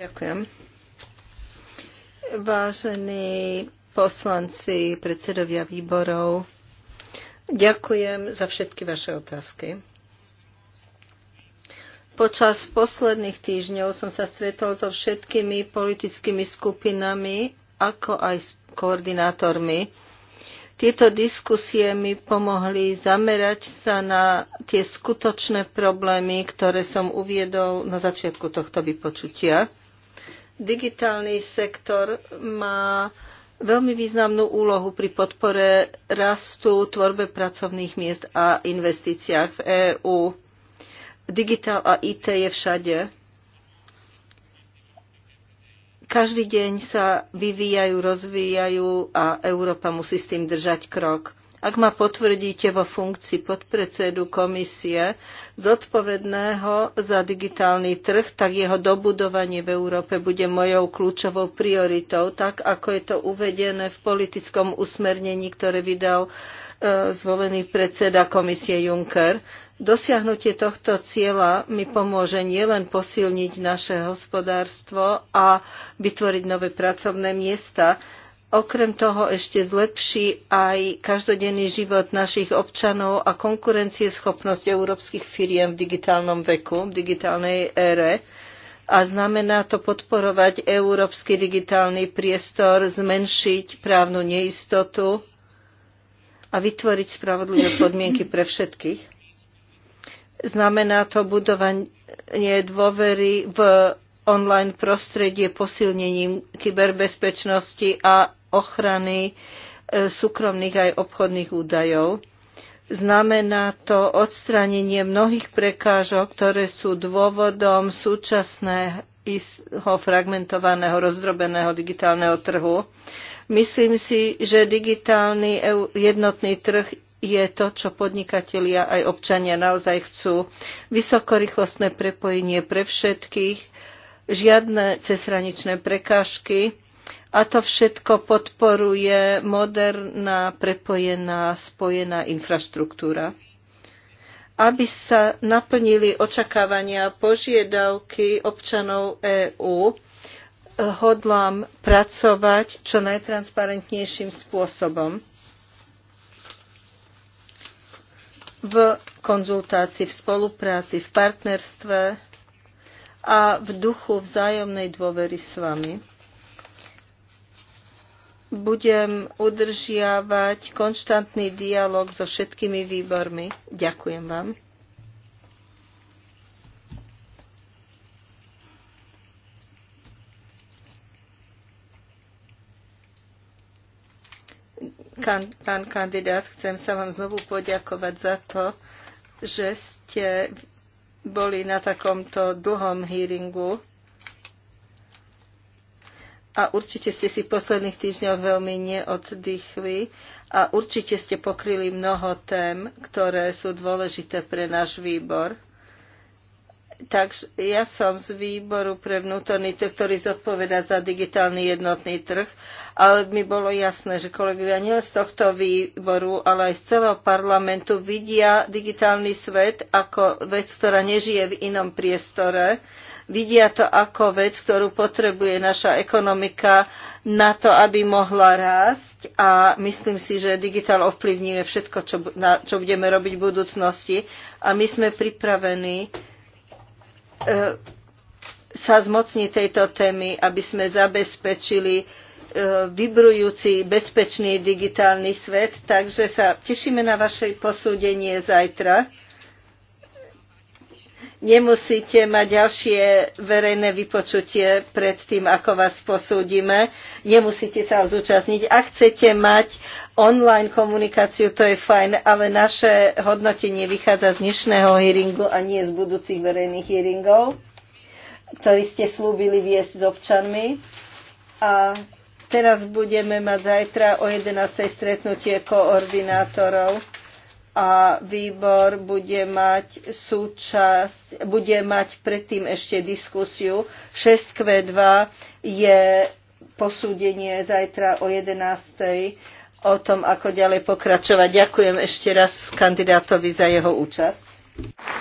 Ďakujem. Vážení poslanci, predsedovia výborov, ďakujem za všetky vaše otázky. Počas posledných týždňov som sa stretol so všetkými politickými skupinami, ako aj s koordinátormi tieto diskusie mi pomohli zamerať sa na tie skutočné problémy, ktoré som uviedol na začiatku tohto vypočutia. Digitálny sektor má veľmi významnú úlohu pri podpore rastu, tvorbe pracovných miest a investíciách v EÚ. Digitál a IT je všade každý deň sa vyvíjajú, rozvíjajú a Európa musí s tým držať krok ak ma potvrdíte vo funkcii podpredsedu komisie zodpovedného za digitálny trh, tak jeho dobudovanie v Európe bude mojou kľúčovou prioritou, tak ako je to uvedené v politickom usmernení, ktoré vydal e, zvolený predseda komisie Juncker. Dosiahnutie tohto cieľa mi pomôže nielen posilniť naše hospodárstvo a vytvoriť nové pracovné miesta, Okrem toho ešte zlepší aj každodenný život našich občanov a konkurencieschopnosť európskych firiem v digitálnom veku, v digitálnej ére. A znamená to podporovať európsky digitálny priestor, zmenšiť právnu neistotu a vytvoriť spravodlivé podmienky pre všetkých. Znamená to budovanie dôvery v online prostredie posilnením kyberbezpečnosti a ochrany e, súkromných aj obchodných údajov. Znamená to odstránenie mnohých prekážok, ktoré sú dôvodom súčasného fragmentovaného, rozdrobeného digitálneho trhu. Myslím si, že digitálny jednotný trh je to, čo podnikatelia aj občania naozaj chcú. Vysokorýchlostné prepojenie pre všetkých, žiadne cezhraničné prekážky, a to všetko podporuje moderná, prepojená, spojená infraštruktúra. Aby sa naplnili očakávania a požiadavky občanov EÚ, hodlám pracovať čo najtransparentnejším spôsobom v konzultácii, v spolupráci, v partnerstve a v duchu vzájomnej dôvery s vami budem udržiavať konštantný dialog so všetkými výbormi. Ďakujem vám. Kan, pán kandidát, chcem sa vám znovu poďakovať za to, že ste boli na takomto dlhom hearingu a určite ste si v posledných týždňoch veľmi neoddychli a určite ste pokryli mnoho tém, ktoré sú dôležité pre náš výbor. Takže ja som z výboru pre vnútorný trh, ktorý zodpoveda za digitálny jednotný trh, ale mi bolo jasné, že kolegovia nie z tohto výboru, ale aj z celého parlamentu vidia digitálny svet ako vec, ktorá nežije v inom priestore Vidia to ako vec, ktorú potrebuje naša ekonomika na to, aby mohla rásť a myslím si, že digitál ovplyvňuje všetko, čo, na, čo budeme robiť v budúcnosti a my sme pripravení e, sa zmocniť tejto témy, aby sme zabezpečili e, vybrujúci bezpečný digitálny svet. Takže sa tešíme na vaše posúdenie zajtra. Nemusíte mať ďalšie verejné vypočutie pred tým, ako vás posúdime. Nemusíte sa zúčastniť. Ak chcete mať online komunikáciu, to je fajn, ale naše hodnotenie vychádza z dnešného hearingu a nie z budúcich verejných hearingov, ktorý ste slúbili viesť s občanmi. A teraz budeme mať zajtra o 11. stretnutie koordinátorov a výbor bude mať súčasť, bude mať predtým ešte diskusiu. 6Q2 je posúdenie zajtra o 11. o tom, ako ďalej pokračovať. Ďakujem ešte raz kandidátovi za jeho účasť.